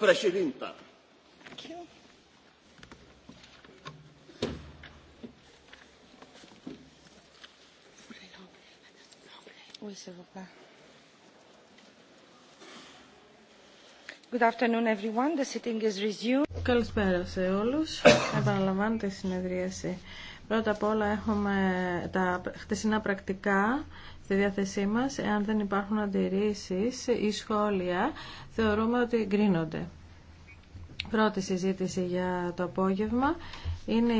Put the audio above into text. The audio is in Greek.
președintă. Oui, Καλησπέρα σε όλους. Επαναλαμβάνεται η συνεδρίαση. Πρώτα απ' όλα έχουμε τα χτεσινά πρακτικά στη διάθεσή μας. Εάν δεν υπάρχουν αντιρρήσεις ή σχόλια, θεωρούμε ότι εγκρίνονται. Πρώτη συζήτηση για το απόγευμα είναι